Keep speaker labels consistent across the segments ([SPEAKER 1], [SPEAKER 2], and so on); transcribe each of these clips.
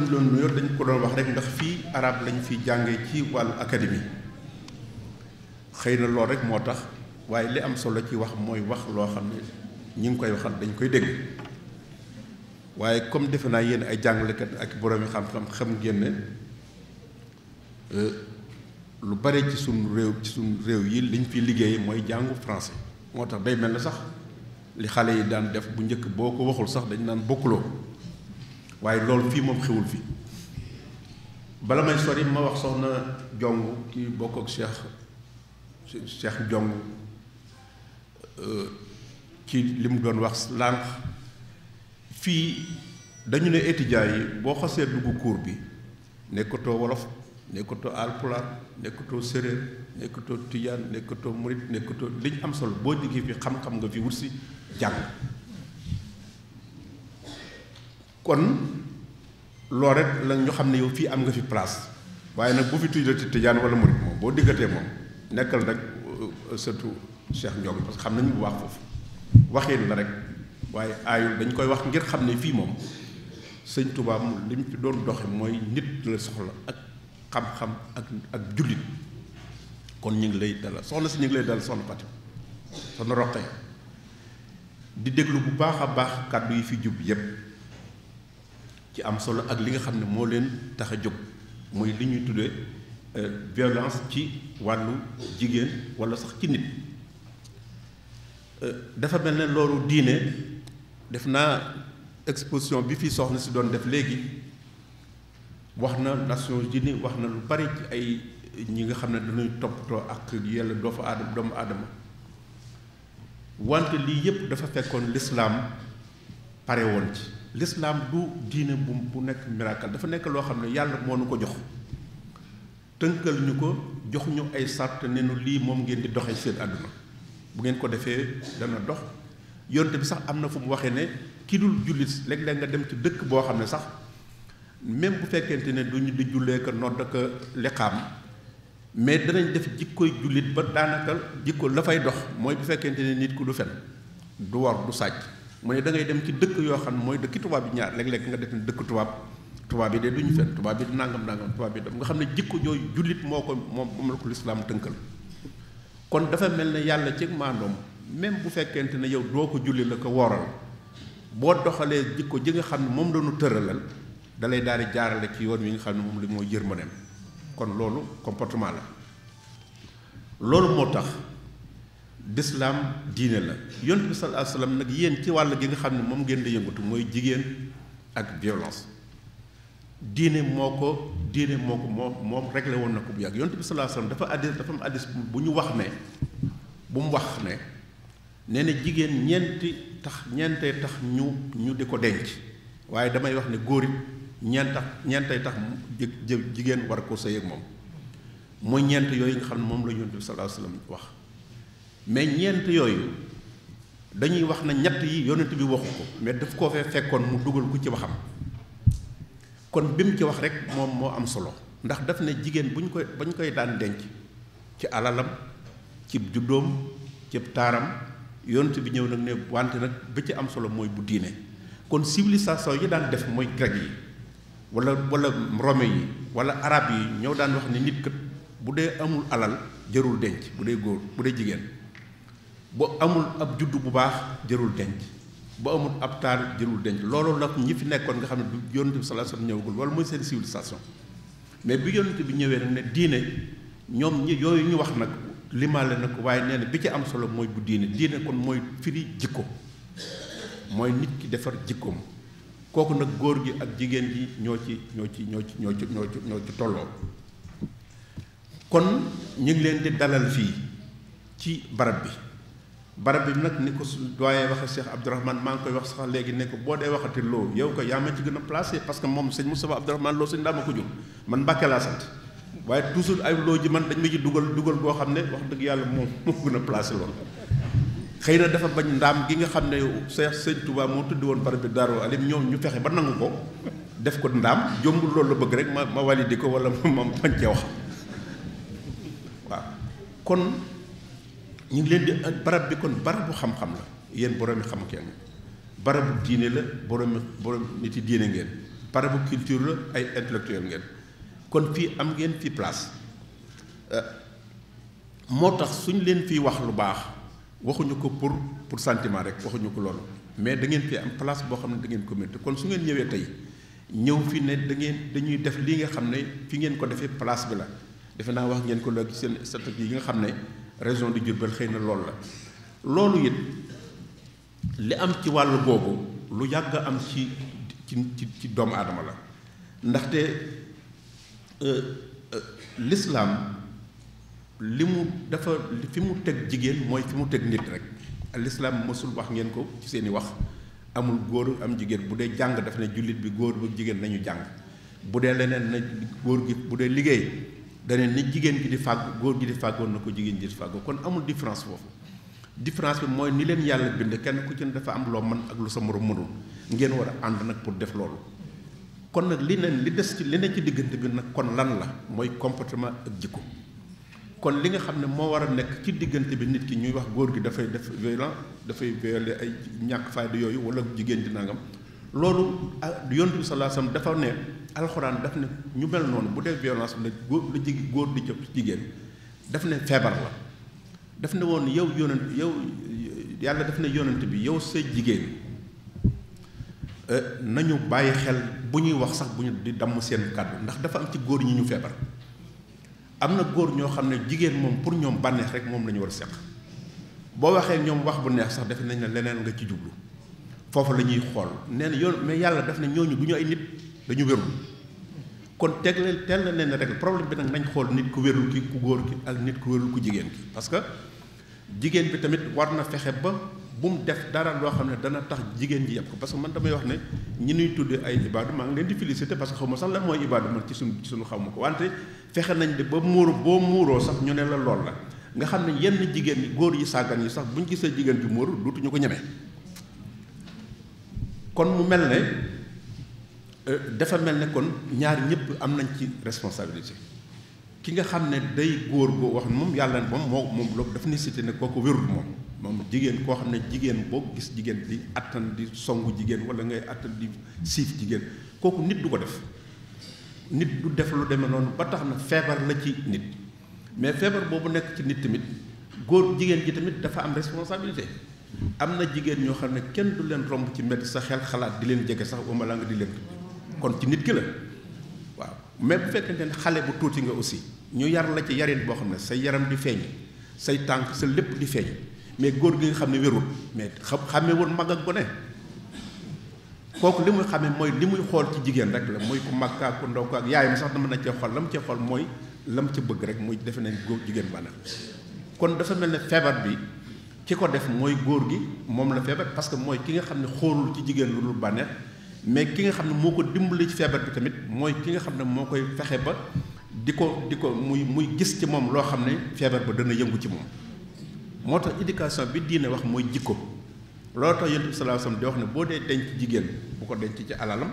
[SPEAKER 1] bu ñu doon dañ ko doon wax rek ndax fii arab lañu fi jàngee ci wàllu académie xëy na lool rek moo tax waaye li am solo ci wax mooy wax loo xam ne ñi ngi koy waxal dañ koy dégg waaye comme defe naa yéen ay jàngalekat ak boroomi xam-xam xam ngeen euh, lu bare ci suñu réew ci suñu réew yi liñ fi liggéey mooy jàngu français moo tax day mel na sax li xale yi daan def bu njëkk boo ko waxul sax dañ naan bokkuloo waaye loolu fii moom xewul fii bala may sori ma wax soxna jong ki bokk ak Cheikh Cheikh euh, ci li mu doon wax lànq fii dañu ne étudiants yi boo xasee dugg kuur bi nekkatoo wolof nekkatoo alpulaar nekkatoo séréer nekkatoo tijaan nekkatoo murit nekkatoo li am solo boo jógee fi xam-xam nga fi wut si jàng kon lool rek la ñu xam ne yow fii am nga fi place waaye nag bu fi tuddati tijaan wala murit moom boo diggatee moom nekkal rek euh, surtout Cheikh Ndiogou parce que xam nañu bu wax foofu waxeen la rek waaye aayul dañ koy wax ngir xam ne fii moom sëñ tubaab mu li mu fi doon doxe mooy nit la soxla ak xam-xam ak ak jullit kon ñu ngi lay dalal soxna si ñu ngi lay dalal soxna Fatim soxna Roqee di déglu bu baax a baax kàddu yi fi jub yépp ci am solo ak li nga xam ne moo leen tax a jóg muy li ñuy tuddee euh, violence ci wàllu jigéen walla sax ci nit euh, dafa mel ne loolu diine def naa exposition bi fi soxna si doon def léegi wax na Nations ni wax na lu bari ci ay ñi nga xam ne dañuy toppatoo ak yàlla doofu aadama doomu aadama wante lii yépp dafa fekkoon lislaam parewoon woon l'islam du diine bu bu nekk miracle dafa nekk loo xam ne yàlla moo nu ko jox tënkal ñu ko jox ñu ay sart ne nu lii moom ngeen di doxee seen àdduna bu ngeen ko defee dana dox yonte bi sax am na fu mu waxee ne kii dul jullit léeg-léeg nga dem ci dëkk boo xam ne sax même bu fekkente ne duñu di jullee ko nodd ko liqaam mais danañ def jikkoy jullit ba daanaka jikko la dox mooy bu fekkent ne nit ku du fen du war du sàcc mu ne da ngay dem ci dëkk yoo xam ne mooy dëkki tubaab bi ñaar léeg lekk nga def ne dëkk tubaab tubaab yi de ñu fen tubaab bi du nangam nangam tubaab bi nga xam ne jikko jooy jullit moo ko moom moom la ko lislaam tënkal kon dafa mel ne yàlla ci maandoom même bu fekkente ne yow doo ko julli la ko wooral boo doxalee jikko ji nga xam ne moom la ñu tëralal da lay daal di jaarale ci yoon wi nga xam ne moom li mooy yërmandeem kon loolu comportement la loolu moo tax d'islam diine la yonent bi sallallahu nag yéen ci wàll gi nga xam ne moom ngeen di yëngatu mooy jigéen ak violence diine moo ko diine moo ko moom moom réglé woon na ko bu yàgg yonent bi sallallahu alayhi wasallam dafa addis dafa am addis bu ñu wax ne bu mu wax ne nee ne jigéen ñeenti tax ñeentee tax ñu ñu di ko denc waaye damay wax ne góor it ñeent tax ñeentay jigéen war koo sëy ak moom mooy ñeent yooyu nga xam ne moom la yonent bi sallallahu alayhi wax mais ñeent yooyu dañuy wax na ñett yi yonent bi waxu ko mais daf koo fee fekkoon mu dugal ku ci waxam kon bi mu ci wax rek moom moo am solo ndax daf ne jigéen bu ñu koy ba ñu koy daan denc ci alalam ci juddoom ci taaram yonent bi ñëw nag ne wante nag bi ci am solo mooy bu diine kon civilisation yi daan def mooy grec yi wala wala rome yi wala arab yi ñëw daan wax ne nit kat bu dee amul alal jërul denc bu dee góor bu dee jigéen bu amul ab juddu bu baax jërul denc bu amul ab taar jërul denc loolu nag ñi fi nekkoon nga xam ne du yonent bi sallallahu alayhi wasallam ñëwagul loolu mooy seen civilisation mais bi yonent bi ñëwee nag ne diine ñoom ñi yooyu ñu wax nag limaale na ko waaye nee na bi ci am solo mooy bu diine diine kon mooy firi jikko mooy nit ki defar jikkoom kooku nag góor gi ak jigéen gi ñoo ci ñoo ci ñoo ci ñoo ci ñoo ñoo ci tolloo kon ñu ngi leen di dalal fii ci barab bi barab bi nag ni ko doyen waxe Cheikh Abdourahmane maa ngi koy wax sax léegi ne boo dee waxati loo yow ko yaa ma ci gën a placé parce que moom sëñ Moustapha Abdourahmane loo ma ko jur man Mbàkke laa sant waaye toujours ay loo ji man dañ ma ci dugal dugal goo xam ne wax dëgg yàlla moom moo gën a placé loolu xëy na dafa bañ ndaam gi nga xam ne Cheikh Sëñ Touba moo tëdd woon barab bi Daaru Alim ñoom ñu fexe ba nangu ko def ko ndaam jombul loolu la bëgg rek ma ma validé ko wala ma bañ cee wax waaw kon ñu ngi leen di barab bi kon barabu xam-xam la yéen boroomi xam kenn barabu diine la boroomi borom nit yi diine ngeen barabu culture la ay intellectuel ngeen kon fii am ngeen fi place euh, moo tax suñ leen fii wax lu baax waxuñu ko pour pour sentiment rek waxuñu ko loolu mais da ngeen fi am place boo xam ne da ngeen ko mérite kon su ngeen ñëwee tey ñëw fi ne da ngeen dañuy def lii nga xam ne fii ngeen ko defee place bi la defe naa wax ngeen ko léegi seen statut yi nga xam ne. région de Diourbel xëy na loolu la loolu it li am ci wàll boobu lu yàgg am ci ci ci doomu aadama la ndaxte euh, euh, lislaam li mu dafa fi mu teg jigéen mooy fi mu teg nit rek lislaam mosul wax ngeen ko ci seeni wax amul góor am jigéen bu dee jàng dafa ne jullit bi góor bu jigéen nañu jàng bu dee leneen na góor gi bu dee liggéey daneen ni jigéen gi di fàgg góor gi di fàggoon na ko jigéen ji di fàggoo kon amul différence foofu différence bi mooy ni leen yàlla bind kenn ku ci ne dafa am loo mën ak lu sa morom mënul ngeen war a ànd nag pour def loolu kon nag li neen li des ci li ne ci diggante bi nag kon lan la mooy comportement ak jikko kon li nga xam ne moo war a nekk ci diggante bi nit ki ñuy wax góor gi dafay def violent dafay violer ay ñàkk fayda yooyu wala jigéen di nangam loolu ah, yonent bi sallallahu alayhi wasallam dafa ne alxuraan daf ne ñu mel noonu bu dee violence la góor la jigi góor di jëpp jigéen daf ne feebar la daf ne woon yow yonent yow yàlla daf ne yonent bi yow sa jigéen euh, nañu bàyyi xel bu ñuy wax sax bu ñu di damm seen kàddu ndax dafa am ci góor ñi ñu feebar am na góor ñoo xam ne jigéen moom pour ñoom bànneex rek moom la ñu war a seq boo waxee ñoom wax bu neex sax defe nañ ne leneen nga ci jublu foofu la ñuy xool nee na yoon mais yàlla def na ñooñu bu ñu ay nit dañu wérul kon teg leen teel na leen rek problème bi nag nañ xool nit ku wérul ki ku góor ki ak nit ku wérul ku jigéen ki parce que jigéen bi tamit war na fexe ba bu mu def dara loo xam ne dana tax jigéen ji yàpp ko parce que man damay wax ne ñu nuy tudde ay ibaadu maa ngi leen di félicité parce que xaw ma sax lan mooy ibaadu man ci suñu ci suñu xaw ma ko wante fexe nañ de ba muuru boo muuroo sax ñu ne la lool la nga xam ne yenn jigéen ñi góor yi sàggan yi sax buñ gisee jigéen ju muuru duutuñu ko ñemee kon mu mel ne euh, dafa mel ne kon ñaar ñëpp am nañ ci responsabilité ki nga xam ne day góor boo wax moom yàlla moom moo moom loolu dafa ne cité ne kooku wérul moom moom jigéen koo xam ne jigéen boo gis jigéen di attan di jigéen wala ngay attan di siif jigéen kooku nit du ko def nit du def lu demee noonu ba tax na feebar la ci nit mais feebar boobu nekk ci nit tamit góor jigéen ji tamit dafa am responsabilité am na jigéen ñoo xam ne kenn du leen romb ci mbedd sa xel xalaat di leen jege sax wama laa nga di leen kon ci nit ki la waaw mais bu fekkente ne xale bu tuuti nga aussi ñu yar la ci yarin boo xam ne sa yaram di feeñ say tànk sa lépp di feeñ mais góor gi nga xam ne wérul mais xam xamee woon mag ak gone kooku li muy xamee mooy li muy xool ci jigéen rek la muy ku mag ak ku ndaw ak yaayam sax dama na cee xool lam cee xool mooy lam ci bëgg rek muy defe nañ góor jigéen bana feebar bi ki ko def mooy góor gi moom la feebar parce que mooy ki nga xam ne xóorul ci jigéen lu dul bànneex mais ki nga xam ne moo ko dimbali ci feebar bi tamit mooy ki nga xam ne moo koy fexe ba di ko di ko muy muy gis ci moom loo xam ne feebar ba dana yëngu ci moom moo tax éducation bi diine wax mooy jikko loolu tax yonent bi sallallahu alayhi di wax ne boo dee denc jigéen bu ko denc ci alalam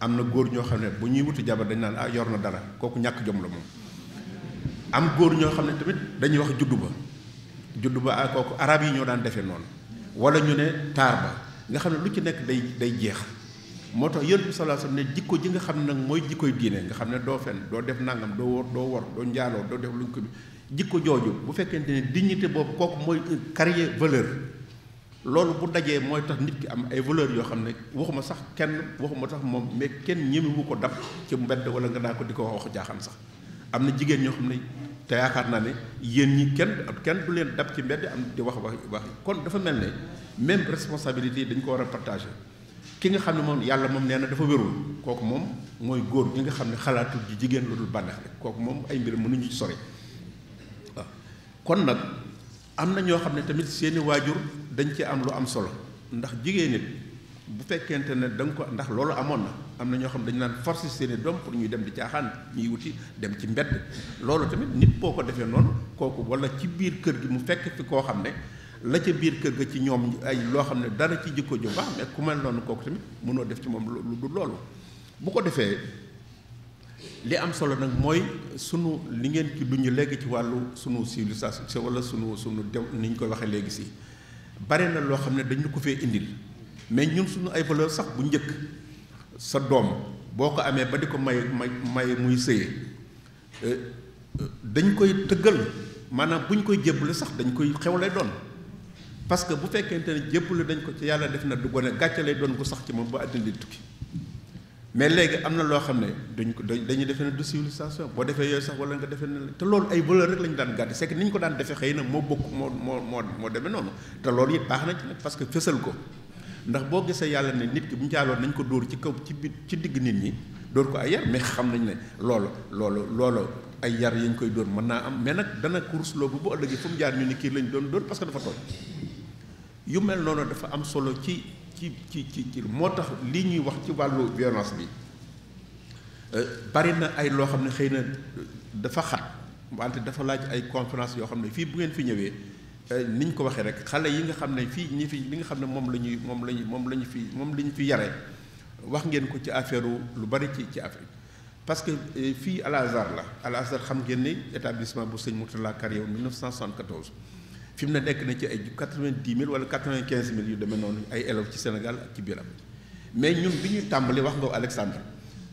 [SPEAKER 1] am na góor ñoo xam ne bu ñuy wuti jabar dañ naan ah yor na dara kooku ñàkk jom la moom am góor ñoo xam ne tamit dañuy wax juddu judd ba kooku araab yi ñoo daan defee noonu wala ñu ne taar ba nga xam ne lu ci nekk day day jeex moo tax yonent bi sallallahu ne jikko ji nga xam ne nag mooy jikkoy diine nga xam ne doo fen doo def nangam doo wor doo wor doo njaaloo doo def luñ ko bi jikko jooju bu fekkente ne dignité boobu kooku mooy carrière valeur loolu bu dajee mooy tax nit ki am ay valeur yoo xam ne waxuma sax kenn waxuma tax moom mais kenn ñemewu ko daf ci mbedd wala nga daa ko di ko wax jaaxam sax am na jigéen ñoo xam ne te yaakaar naa ne yéen ñi kenn kenn du leen dab ci mbedd am di wax wax wax kon dafa mel ne même responsabilité dañ ko war a partagé ki nga xam ne moom yàlla moom nee na dafa wérul kooku moom mooy góor gi nga xam ne xalaatul ji jigéen lu dul bànneex rek kooku moom ay mbir mënuñu ci sore waaw kon nag am na ñoo xam ne tamit seeni waajur dañ ci am lu am solo ndax jigéen nit bu fekkente ne da ko ndax loolu amoon na am na ñoo xam ne dañu naan forcer seeni doom pour ñuy dem di caaxaan ñuy wuti dem ci mbedd loolu tamit nit boo ko defee noonu kooku wala ci biir kër gi mu fekk fi koo xam ne la ca biir kër ga ci ñoom ay loo xam ne dara ci jikko ju baax mais ku mel noonu kooku tamit def ci moom lu loolu bu ko defee li am solo nag mooy sunu li ngeen ci duñu léegi ci wàllu sunu civilisation wala sunu sunu dem ni koy waxee léegi si bare na loo xam ne dañu ko fee indil mais ñun suñu ay valeur sax bu njëkk sa doom boo ko amee ba di ko may may may muy sëye dañ koy tëggal maanaam bu ñu koy jébbale sax dañ koy xew lay doon parce que bu fekkente ne lu dañ ko ci yàlla def na du gone gàcce lay doon ko sax ci moom ba àddina di tukki mais léegi am na loo xam ne dañ ko dañ dañuy defee ne du civilisation boo defee yooyu sax wala nga defee ne te loolu ay valeur rek la ñu daan gàdde c'est que ni ñu ko daan defee xëy na moo bokk moo moo moo moo demee noonu te loolu it baax na ci nag parce que fësal ko ndax boo gisee yàlla ne nit ki bu ñu jaaloon nañ ko dóor ci kaw ci bi ci digg nit ñi dóor ko ay yar mais xam nañ ne loolu loolu loolu ay yar yañ koy dóor mën naa am mais nag dana course loo bu bu ëllëgee fu jaar ñu ni kii lañ doon dóor parce que dafa tooñ yu mel noonu dafa am solo ci ci ci ci moo tax lii ñuy wax ci wàllu violence bi euh, bari na ay loo xam ne xëy na dafa xat wante dafa laaj ay conférence yoo xam ne fii bu ngeen fi ñëwee Eh, ni ñu ko waxee rek xale yi nga xam ne fii ñi fi li nga xam ne moom la ñuy moom la moom la fi moom la ñu fi yare wax ngeen ko ci affaire lu bari ci ci affaire parce que eh, fii Al Azhar la Al xam ngeen ni établissement bu sëñ Mourtala Kariou 1974 fi mu ne nekk na ci ay 90 000 wala 95 000 yu demee noonu ay élèves ci Sénégal ci biiram mais ñun bi ñuy tàmbali wax nga Alexandre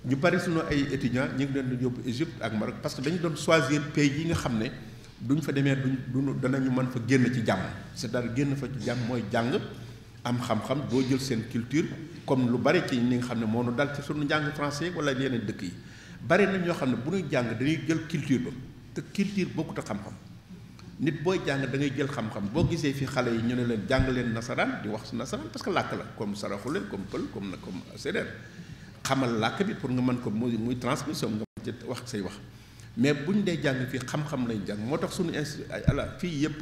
[SPEAKER 1] ñu bari suñu ay étudiants ñu ngi leen di yóbbu Égypte ak Maroc parce que dañu doon choisir pays yi nga xam ne. duñ fa demee duñ dana ñu mën fa génn ci jàmm cest à génn fa ci jàmm mooy jàng am xam-xam doo jël seen culture comme lu bari ci ni nga xam ne moo nu dal ci suñu njàng français wala yeneen dëkk yi bari nañ ñoo xam ne bu ñuy jàng dañuy jël culture ba te culture bokkut a xam-xam nit booy jàng da ngay jël xam-xam boo gisee fi xale yi ñu ne leen jàng leen nasaraan di wax nasaraan parce que làkk la comme saraxule comme pël comme na comme séeréer xamal làkk bi pour nga mën ko muy muy transmission nga mën wax say wax mais buñ dee jàng fii xam-xam lañ jàng moo tax suñu institut ay ala fii yëpp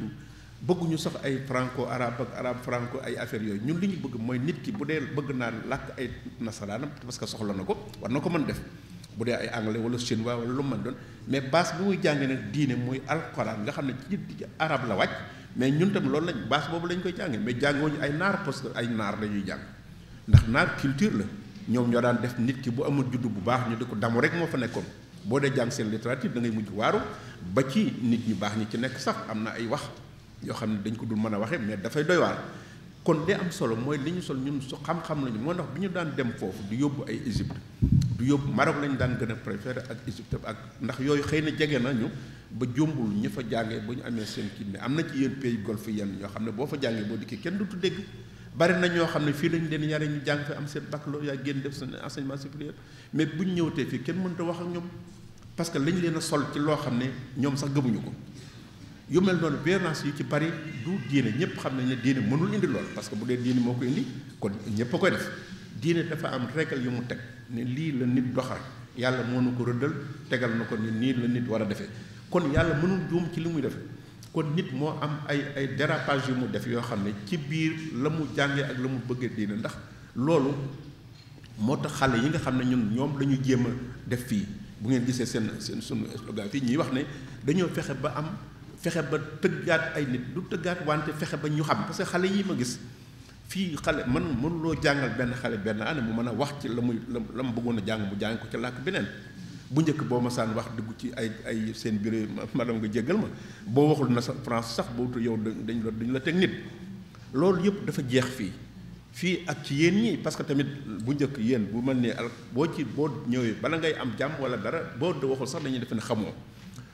[SPEAKER 1] bëgguñu sax ay franco arabe ak arabe franco ay affaire yooyu ñun li ñu bëgg mooy nit ki bu dee bëgg naa làkk ay nasaraanam parce que soxla na ko war na ko mën def bu dee ay anglais wala chinois wala lu mu mën mais base bi muy jàngee diine mooy alquran nga xam ne ci arab la wàcc mais ñun tam loolu lañ base boobu lañ koy jàngee mais jàngooñu ay naar parce que ay naar la ñuy jàng ndax naar culture la ñoom ñoo daan def nit ki bu amul juddu bu baax ñu di ko damu rek moo fa nekkoon boo dee jàng seen littérature dangay ngay mujj waaru ba ci nit ñu baax ñi ci nekk sax am na ay wax yoo xam ne dañ ko dul mën a waxee mais dafay doy waar kon de am solo mooy li ñu sol ñun su xam-xam lañu moo tax bi ñu daan dem foofu du yóbbu ay Égypte du yóbbu Maroc lañu daan gën a préféré ak Égypte ak ndax yooyu xëy na jege nañu ba jombul ñu fa jàngee ba ñu amee seen kii mais am na ci yenn pays golfe yenn yoo xam ne boo fa jàngee boo dikkee kenn du dégg bari na ñoo xam ne fii lañu leen yare ñu jàng fi am seen baccalauréat yaa génn def seen enseignement supérieur mais buñ ñëwatee fii kenn mënta wax ak ñoom parce que lañ leen a sol ci loo xam ne ñoom sax gëmuñu ko yu mel noonu violence yu ci bari du diine ñëpp xam nañ ne diine mënul indi lool parce que bu dee diine moo ko indi kon ñëpp a koy def diine dafa am règle yu mu teg ne lii la nit doxal yàlla moo nu ko rëddal tegal na ko ne nii la nit war a defee kon yàlla mënul juum ci li muy def kon nit moo am ay ay dérapage yu mu def yoo xam ne ci biir la mu jàngee ak la mu bëggee diine ndax loolu moo tax xale yi nga xam ne ñun ñoom la ñu jéem a def fii bu ngeen gisee seen seen sunu slogan fii ñuy wax ne dañoo fexe ba am fexe ba tëggaat ay nit du tëggaat wante fexe ba ñu xam parce que xale yi ma gis fii xale man mënuloo jàngal benn xale benn année mu mën a wax ci la muy la mu bëggoon a jàng mu jàng ko ci làkk beneen bu njëkk boo ma saan wax dugg ci ay ay seen bureau madame nga jéggal ma boo waxul na France sax boobu yow dañ la dañ la teg nit loolu yëpp dafa jeex fii fii ak ci yéen ñi parce que tamit bu njëkk yéen bu mel ne al boo ci boo ñëwee bala ngay am jàmm wala dara boo waxul sax dañuy defe ne xamoo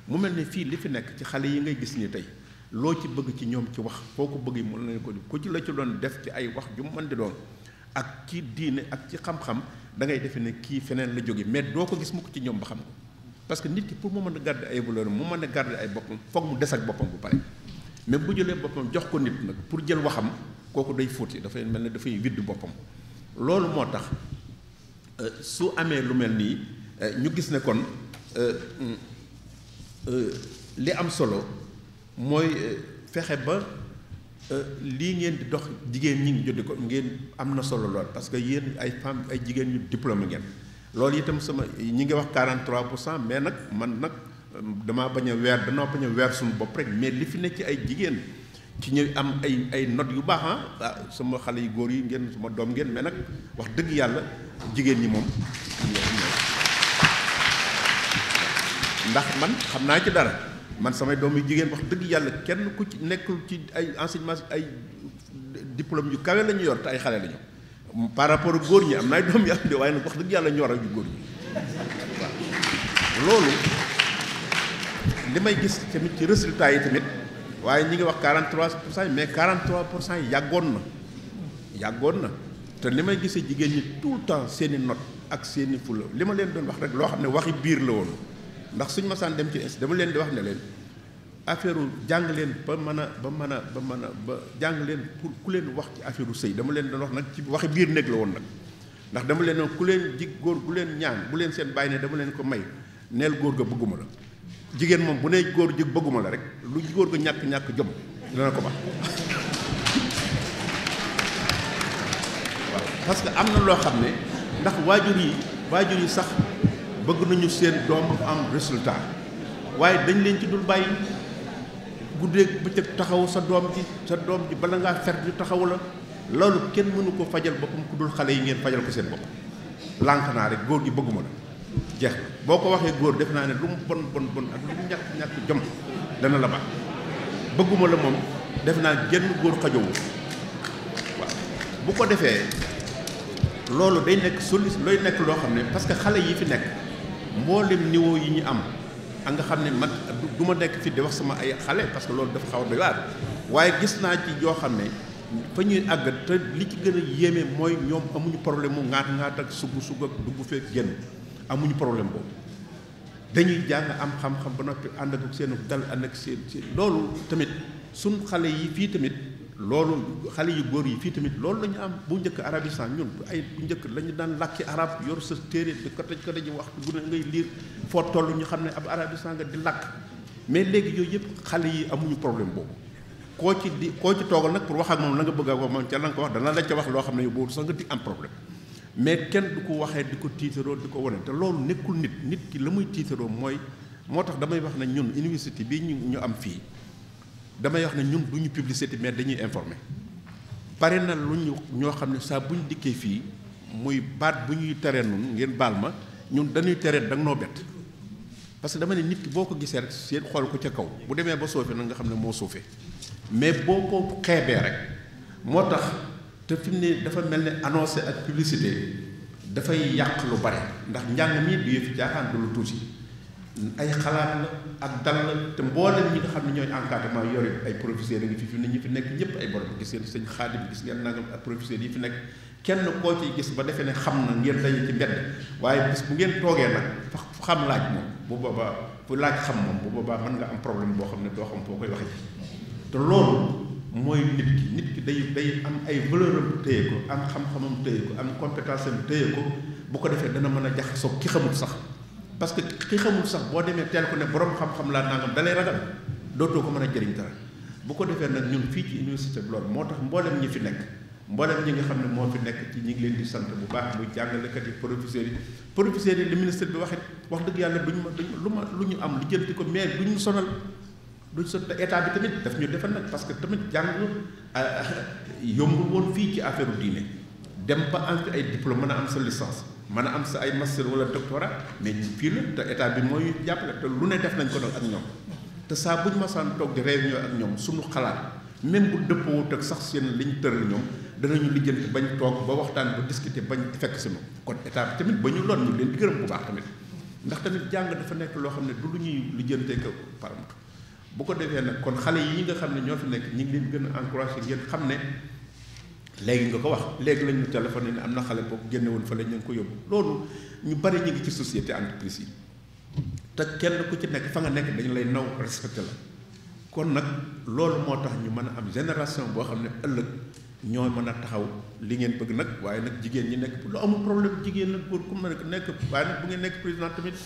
[SPEAKER 1] mu mel ni fii li fi nekk ci xale yi ngay gis ni tey loo ci bëgg ci ñoom ci wax foo ko bëgg bëggee mën nañu ko ku ci la ci doon def ci ay wax ju mën di doon ak ci diine ak ci xam dangay ngay defe ne kii feneen la jóge mais doo ko gis mukk ci ñoom ba xam ko parce que nit ki pour mu mën a garder ay valeur mu mën a garder ay boppam foog mu des ak boppam bu pare mais bu jëlee boppam jox ko nit nag pour jël waxam kooku day fóoti dafay mel ne dafay widd boppam loolu moo tax euh, su amee lu mel nii euh, ñu gis ne kon euh, li am solo mooy fexe ba Euh, lii ngeen di dox jigéen ñi ngi joddi ko ngeen am na solo lool parce que yéen ay femme ay jigéen ñu diplômé ngeen loolu itam sama ñi ngi wax 43 cent mais nag man nag euh, damaa bañ a weer danoo bañ a weer suñu bopp rek mais li fi nekk ci ay jigéen ci ñuy am ay ay not yu baax ah, ah sama xale yu góor yi ngeen sama doom ngeen mais nag wax dëgg yàlla jigéen ñi moom ndax man xam naa ci dara man samay doom yu jigéen wax dëgg yàlla kenn ku ci nekkul ci ay enseignement ay diplôme yu kawe la ñu yor te ay xale la par rapport ak góor ñi am na ay doom yu am de waaye nag wax dëgg yàlla ñor ak yu góor may gis tamit ci résultat yi tamit waaye ñi ngi wax 43 pour cent mais 43 pour cent yàggoon na yàggoon na te li may gisee jigéen ñi tout le temps seeni not ak seeni fula li ma leen doon wax rek loo xam ne waxi biir la woon ndax suñ masaan dem ci ins dama leen di wax ne leen affaire jàng leen ba mën a ba mën a ba mën a ba jàng leen pour ku leen wax ci affaire sëy dama leen doon wax nag ci waxi biir néeg la woon nag ndax dama leen ku leen góor gu leen ñaan bu leen seen bàyyi dama leen ko may neel góor ga bëgguma la jigéen moom bu ne góor jig bëgguma la rek lu góor ga ñàkk-ñàkk jom dana ko baax waaw parce que am na loo xam ne ndax waajur yi waajur yi sax bëgg nañu seen doom am résultat waaye dañ leen ci dul bàyyi guddeeg bëccëg taxaw sa doom ji sa doom ji bala ngaa fer ñu taxaw la loolu kenn mënu ko fajal boppam ku dul xale yi ngeen fajal ko seen bopp lànk naa rek góor gi bëgguma la jeex boo ko waxee góor def naa ne lu mu bon bon bon ak lu mu ñàkk ñàkk jom dana la baax bëgguma la moom def naa genn góor xajowu waaw bu ko defee loolu day nekk solution looy nekk loo xam ne parce que xale yi fi nekk mboolem niveau yi ñu am a nga xam ne man du ma nekk fii di wax sama ay xale parce que loolu dafa xaw a doy waar waaye gis naa ci joo xam ne fa ñuy àgg te li ci gën a yéeme mooy ñoom amuñu problème mu ŋaat ŋaat ak sugg sugg ak dugg fee génn amuñu problème boobu dañuy jàng am xam-xam ba noppi ànd ak seen dal ànd ak seen loolu tamit suñ xale yi fii tamit. loolu xale yu góor yi fii tamit loolu lañu am bu njëkk arabistan ñun ay bu njëkk la ñu daan làkki arab yor sa téere di ko tëj ko wax waxtu na ne ngay liir foo toll ñu xam ne ab arabistan nga di làkk mais léegi yooyu yëpp xale yi amuñu problème boobu koo ci di koo ci toogal nag pour wax ak moom la nga bëgg a moom ca la nga ko wax dana wax loo xam ne boobu sax nga di am problème kenn du ko waxee di ko tiitaroo di ko wane te loolu nekkul nit nit ki la muy tiitaroo mooy moo tax damay wax ne ñun université bi ñu ñu am fii damay wax ne ñun du ñu publicité mais dañuy informer bare na lu ñu ñoo xam ne saa buñ dikkee fii muy baat bu ñuy teree nun ngeen baal ma ñun dañuy teree da nga noo bett parce que dama ne nit boo ko gisee rek seen xool ko ca kaw bu demee ba suufee nag nga xam ne moo suufee mais boo ko xeebee rek moo tax te fi mu ne dafa mel ne annoncé ak publicité dafay yàq lu bare ndax njàng mi du yëfi jaaxaan du lu tuuti. ay xalaat la ak dal la te mboolem ñu nga xam ne ñooy encadrement yore ay professeurs yi ngi fi fi nekk ñëpp ay borom gis ngeen sëñ bi gis ngeen nangam ak professeurs yi fi nekk kenn koo ciy gis ba defee ne xam na ngeen dañu ci mbedd waaye bis bu ngeen toogee nag fa fu xam laaj moom bu boobaa fu laaj xam moom bu boobaa mën nga am problème boo xam ne doo xam foo koy waxe te loolu mooy nit ki nit ki day day am ay valeur téye ko am xam-xamam téye ko am compétence am ko bu ko defee dana mën a jaxasoo ki xamul sax parce que ki xamul sax boo demee teel ko ne borom xam-xam laa nangam dalay ragal dootoo ko mën a jëriñ dara bu ko defee nag ñun fii ci université bi loolu moo tax mbooleem ñi fi nekk mboolem ñi nga xam ne moo fi nekk ci ñi ngi leen di sant bu baax muy jàngalekat yi professeurs yi professeurs yi li ministre bi waxit wax dëgg yàlla duñ ma duñ lu ma lu ñu am lu jëlti ko mais ñu sonal duñ sonal état bi tamit daf ñu defal nag parce que tamit jàng euh, yombul woon fii ci affaire diine dem ba am ay diplôme mën a am sa mën a am sa ay master wala doctorat mais fii te état bi mooy jàppale te lu ne def nañ ko doon ak ñoom te saa bu ñu masaan toog di réunion ak ñoom suñu xalaat même bu dëppoowut teg sax seen liñ tëral ñoom danañu lijjanti bañ toog ba waxtaan ba discuter bañ fekk si sunu kon état bi tamit ba ñu loon ñu leen di gërëm bu baax tamit ndax tamit jàng dafa nekk loo xam ne du lu ñuy lijjantee ko paramtu bu ko defee nag kon xale yi nga xam ne ñoo fi nekk ñu ngi leen gën a encouragé ngeen xam ne léegi nga ko wax léegi lañu téléphoné ni am na xale boobu génne woon fa la ñu ngi ko yóbbu loolu ñu bari ñu ngi ci société entreprise yi te kenn ku ci nekk fa nga nekk dañu lay naw respecté la kon nag loolu moo tax ñu mën a am génération boo xam ne ëllëg ñoo mën a taxaw li ngeen bëgg nag waaye nag jigéen ñi nekk lu amul problème jigéen nag góor ku nekk nekk waaye nag bu ngeen nekk président tamit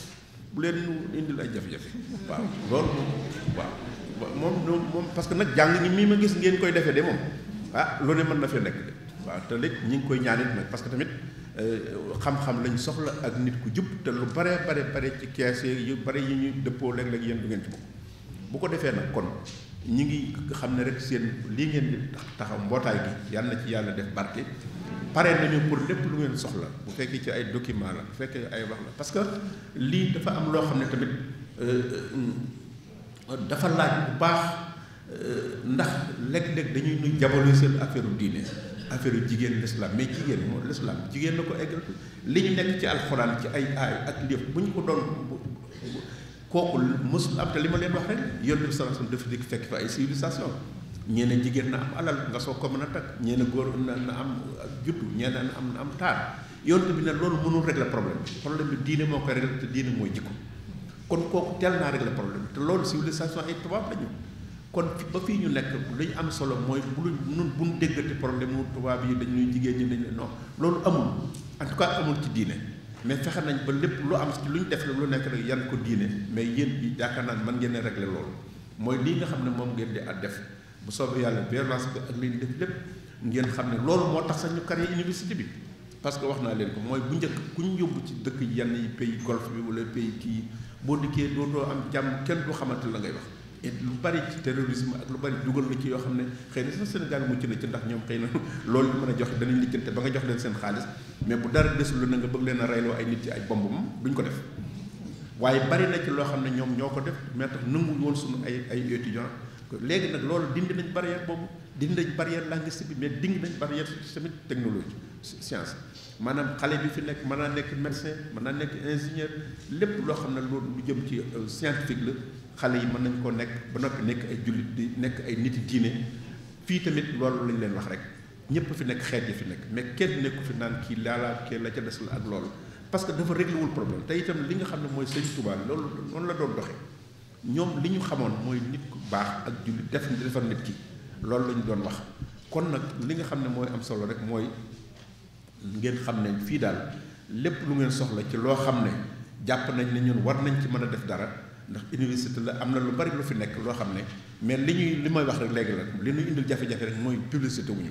[SPEAKER 1] bu leen ñu indil ay jafe-jafe waaw loolu moom waaw moom moom parce que nag jàng ñi mii ma gis ngeen koy defee de moom ah loolu ne mën na fee nekk de waaw te léegi ñu ngi koy ñaanit nag parce que tamit euh, xam-xam lañ soxla ak nit ku jub te lu bare bare bare ci kees yu bare yi ñuy dëppoo léeg-léeg yéen du ngeen ci bokk bu ko defee nag kon ñi ngi xam ne rek seen lii ngeen taxaw mbootaay gi yàlla na ci yàlla def barke pare nañu pour lépp lu ngeen soxla bu fekkee ci ay document la bu fekkee ay wax la parce que lii dafa am loo xam ne tamit euh, euh, dafa laaj bu baax Euh, ndax léeg-léeg dañuy nu jabaloo seen affaire diine affaire jigéen l'islam mais jigéen moom l'islam jigéen na ko eggal li ñu nekk ci alxuraan ci ay aay ak lépp bu ñu ko doon kooku mosul am li ma leen wax rek yonent bi sallallahu alayhi wasallam dafa dikk fekk fa ay civilisation ñee ne jigéen na am alal nga soo ko mën a takk ñee góor na na am juddu ñee na am na am taar yonent bi ne loolu mënul régler problème bi problème bi diine moo koy régler te diine mooy jikko kon kooku teel naa régler problème te loolu civilisation ay tubaab la ñu kon ba fii ñu nekk lu ñu am solo mooy bu nun bu ñu déggati problème wu tubaab yi dañuy jigéen ñi dañ ne non loolu amul en tout cas amul ci diine mais fexe nañ ba lépp lu am lu ñu def lu nekk rek yan ko diine mais yéen bi yaakaar naa mën ngeen a régler loolu mooy lii nga xam ne moom ngeen de at def bu soobee yàlla violence bi ak li ñu def lépp ngeen xam ne loolu moo tax sax ñu créé université bi parce que wax naa leen ko mooy bu njëkk ku ñu yóbbu ci dëkk yenn yi pays golfe bi wala pays kii boo dikkee dootoo am jàmm kenn du xamante la ngay wax et lu bari ci terrorisme ak lu bari dugal na ci yoo xam ne xëy na sax Sénégal mucc na ci ndax ñoom xëy na loolu mën a joxe danañ lijjante ba nga jox leen seen xaalis mais bu dara desul lu na nga bëgg leen a reyloo ay nit ci ay bomb moom duñ ko def waaye bari na ci loo xam ne ñoom ñoo ko def mais tax nangu woon suñu ay ay étudiants léegi nag loolu dindi nañ barrière boobu dindi nañ barrière linguistique bi mais dindi nañ barrière tamit technologie science maanaam xale bi fi nekk mën naa nekk médecin mën naa nekk ingénieur lépp loo xam ne loolu lu jëm ci euh, scientifique la xale yi mën nañ koo nekk ba noppi nekk ay jullit di nekk ay nit diine fii tamit loolu lañ leen wax rek ñëpp fi nekk xeet yi fi nekk mais kenn nekku fi naan kii laalaa kii la ca des la ak loolu parce que dafa réglé wul problème te itam li nga xam ne mooy sëñ Tuubaa loolu noonu la doon doxe ñoom li ñu xamoon mooy nit ku baax ak jullit def defar nit loolu la doon wax kon nag li nga xam ne mooy am solo rek mooy ngeen xam ne fii daal lépp lu ngeen soxla ci loo xam ne jàpp nañ ne ñun war nañ ci mën a def dara ndax université la am na lu bari lu fi nekk loo xam ne mais li ñuy li may wax rek léegi la li ñuy indil jafe-jafe rek mooy publicité wuñu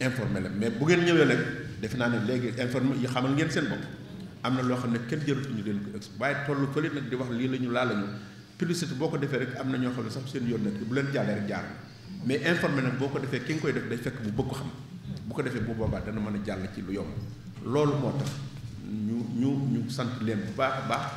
[SPEAKER 1] informé la mais bu ngeen ñëwee nag defe naa ne léegi informé yi xamal ngeen seen bopp am na loo xam ne kenn jëratuñu leen ko ex waaye tollu fële nag di wax lii la ñu laa la ñu boo ko defee rek am na ñoo xam ne sax seen yoon nekk bu leen jàllee rek jaar mais informé nag boo ko defee ki nga koy def day fekk bu bëgg xam bu ko defee bu boobaa dana mën a jàll ci lu yomb loolu moo ñu ñu ñu sant leen bu baax baax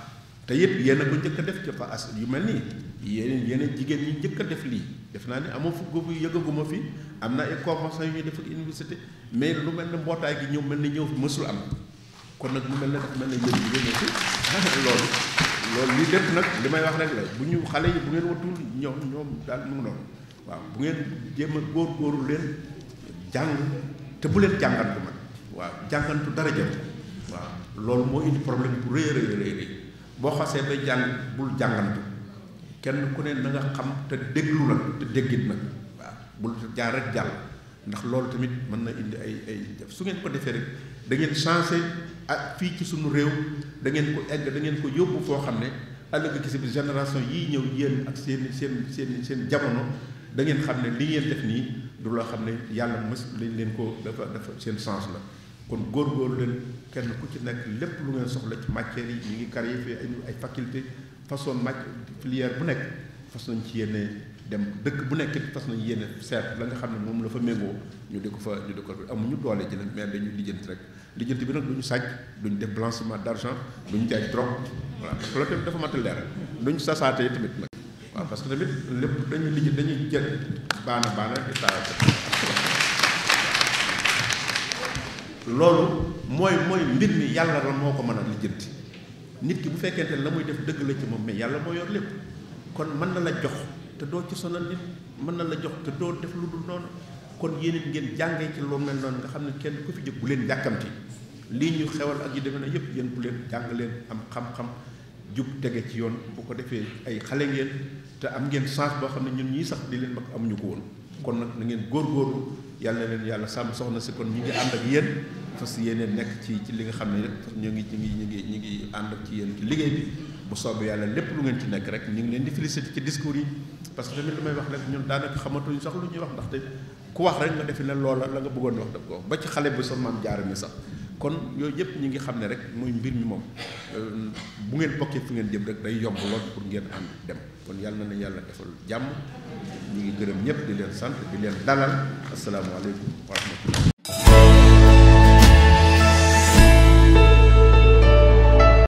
[SPEAKER 1] te it yéen a ko njëkk a def ci as yu mel nii yeneen yéen jigéen ñi njëkk a def lii def naa ne amoo fukk yëgaguma fi am na ay convention yu ñuy def université mais lu mel ne mbootaay gi ñëw mel na ñëw mësul am kon nag mu mel na dafa mel ne yéen jigéen ñi loolu loolu li def nag li may wax rek la bu ñu xale yi bu ngeen watul ñoom ñoom daal mu noonu waaw bu ngeen jéem a góor góoru leen jàng te bu leen jàngantu nag waaw jàngantu dara jëm waaw loolu moo indi problème bu rëy a rëy boo xasee bay jàng bul jàngantu kenn ku ne na xam te déglu la te déggit nag waa bul jaar rek jàll ndax loolu tamit mën na indi ay ay su ngeen ko defee rek da ngeen changé ak fii ci suñu réew da ngeen ko egg da ngeen ko yóbbu foo xam ne ëllëg ki si génération yii ñëw yéen ak seen seen seen seen jamono da ngeen xam ne li ngeen def nii du loo xam ne yàlla mës lañ leen ko dafa dafa seen chance la kon góor góorgóorlu leen kenn ku ci nekk lépp lu ngeen soxla ci matières yi ñu ngi carrière ay faculté façon matière filière bu nekk fas nañ ci yéene dem dëkk bu nekk fas nañ yéene seet la nga xam ne moom la fa méngoo ñu di ko fa ñu di ko amuñu doole ci leen mais dañu lijjanti rek lijjanti bi nag duñu sàcc duñu def blanchiment d'argent duñu jaay trop voilà loolu tamit dafa matal leeral duñu saatee tamit nag waaw parce que tamit lépp dañu lijjanti dañuy jël baana baana di loolu mooy mooy mbir mi yàlla la moo ko mën a lijjanti nit ki bu fekkente ne la muy def dëgg la ci moom mais yàlla moo yor lépp kon mën na la jox te doo ci sonal nit mën na la jox te doo def lu dul noonu kon yéen ngeen jàngee ci loo mel noonu xam ne kenn ku fi jóg leen yàkkamti lii ñu xewal ak yu demee na yëpp yéen bu leen jàng leen am xam jub tege ci yoon bu ko defee ay xale ngeen te am ngeen chance boo xam ne ñun ñii sax di leen mag amuñu ko kon na ngeen góorgóorlu yàlla na leen yàlla sàmm soxna si kon ñi ngi ànd ak yéen fas yéene nekk ci ci li nga xam ne lépp ñu ngi ñu ngi ñu ngi ñu ngi ànd ak ci yéen ci liggéey bi bu soobee yàlla lépp lu ngeen ci nekk rek ñu ngi leen di féliciter ci discours yi parce que tamit lu may wax rek ñun daanaka xamatuñu sax lu ñuy wax te ku wax rek nga defi ne loola la nga bëggoon wax daf ko ba ci xale bi sa maam jaar mi sax kon yooyu yëpp ñu ngi xam ne rek mooy mbir mi moom bu ngeen bokkee fu ngeen jëm rek day yomb lool pour ngeen ànd dem kon yàlla na leen yàlla defal jàmm ñu ngi gërëm ñëpp di leen sant di leen dalal asalaamaaleykum